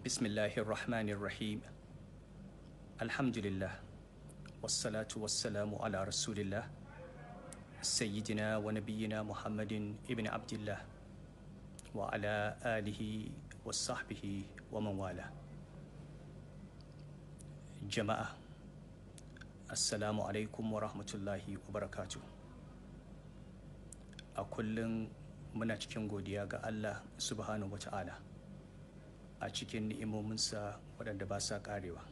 بسم الله الرحمن الرحيم الحمد لله والصلاة والسلام على رسول الله سيدنا ونبينا محمد ابن عبد الله وعلى آله وصحبه ومن والاه جماعة السلام عليكم ورحمة الله وبركاته أكل من أجل godiya الله سبحانه وتعالى a cikin ni'imominsa waɗanda ba sa ƙarewa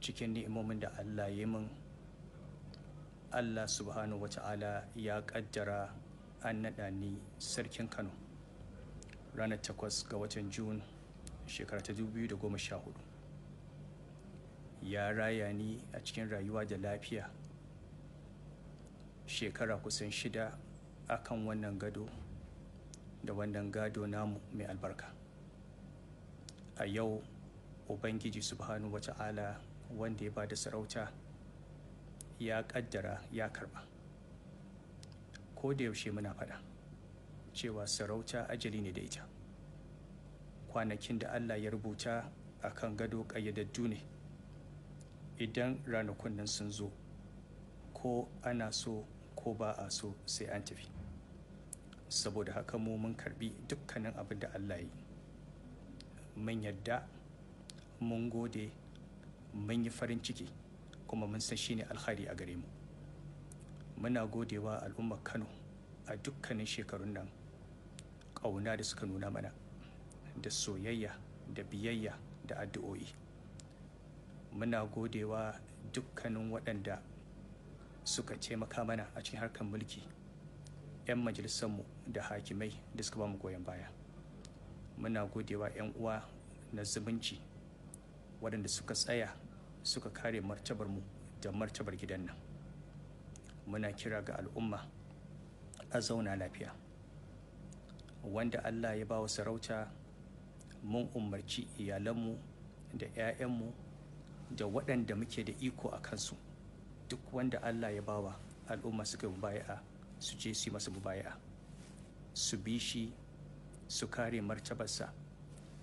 cikin ni'imomin da allah ya min allah subhanahu wa ta'ala ya ƙaddara an naɗa ni sarkin kano ranar 8 ga watan jun shekara ta 2014 ya raya ni a cikin rayuwa da lafiya shekara kusan shida akan wannan gado da wannan gado namu mai albarka a yau ubangiji subhanahu wata'ala wanda ya ba da sarauta ya kaddara ya karba ko da yaushe muna faɗa cewa sarauta ajali ne da ita kwanakin da allah ya rubuta a kan gado ƙayyadaddu ne idan ranakun nan sun zo ko ana so ko ba a so sai an tafi saboda haka mu mun karbi dukkanin abin da allah ya yi mun yadda mun gode mun yi farin ciki kuma mun san shine alkhari a gare mu muna godewa al'ummar kano a dukkanin shekarun nan ƙauna da suka nuna mana da soyayya da biyayya da addu'o'i muna godewa dukkanin waɗanda suka taimaka mana a cikin harkar mulki 'yan majalisarmu da hakimai da suka ba mu goyon baya muna godewa 'yan uwa na zumunci waɗanda suka tsaya suka kare martabar mu da martabar gidan nan muna kira ga al'umma a zauna lafiya wanda allah ya ba wa sarauta mun umarci iyalanmu da 'ya'yanmu da waɗanda muke da iko a kansu duk wanda allah ya bawa al'umma suka mubaya'a su je su yi masa mubaya'a su bi shi su kare martabarsa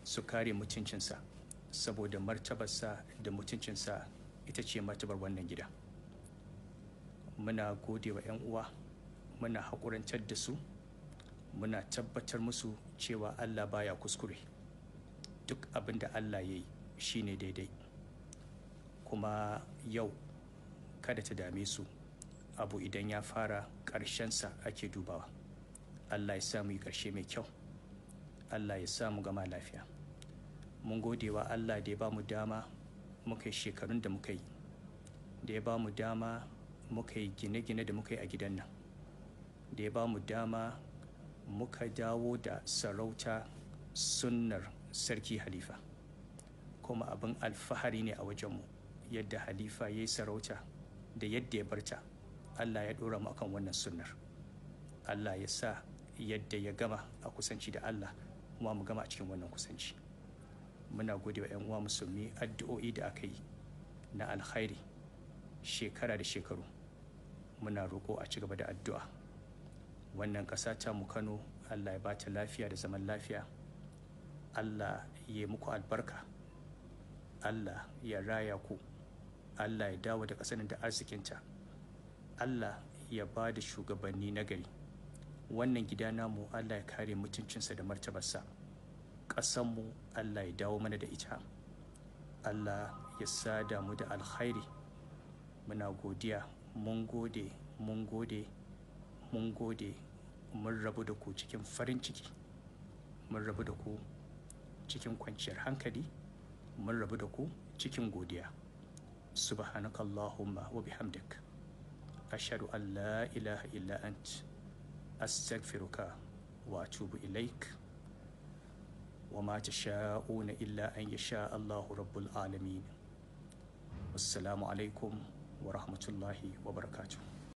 su kare mutuncinsa saboda martabarsa da mutuncinsa ita ce martabar wannan gida muna gode wa 'yan uwa muna haƙurantar da su muna tabbatar musu cewa allah baya kuskure duk abin da allah ya yi shine daidai kuma yau kada ta dame su abu idan ya fara ƙarshensa ake dubawa allah ya samu yi ƙarshe mai kyau allah ya samu gama lafiya mun gode wa allah da ya ba mu dama muka yi shekarun da muka yi da ya ba mu dama muka yi gine-gine da muka yi a gidan nan da ya ba mu dama muka dawo da sarauta sunnar sarki halifa kuma abin alfahari ne a wajenmu yadda halifa ya yi sarauta da yadda ya barta allah ya ɗora mu akan wannan sunnar allah ya sa yadda ya gama a kusanci da allah kuma mu gama a cikin wannan kusanci muna gode wa 'yan uwa musulmi addu'o'i da aka yi na alkhairi shekara da shekaru muna roƙo a ci gaba da addu'a wannan ƙasa ta mu kano allah ya bata lafiya da zaman lafiya allah ya muku albarka allah ya raya ku allah ya dawo da ƙasar da arzikinta allah ya ba da shugabanni nagari wannan gida namu allah ya kare mutuncinsa da martabarsa ƙasanmu allah ya dawo mana da ita allah ya sada mu da alkhairi muna godiya mun gode mun gode mun gode mun rabu da ku cikin farin ciki mun rabu da ku cikin kwanciyar hankali mun rabu da ku cikin godiya subhanakallahumma wa bihamdik ashhadu an la ilaha illa ant astaghfiruka wa atubu ilaik wa ma tasha'una illa an yasha Allahu rabbul alamin assalamu alaikum wa rahmatullahi wa barakatuh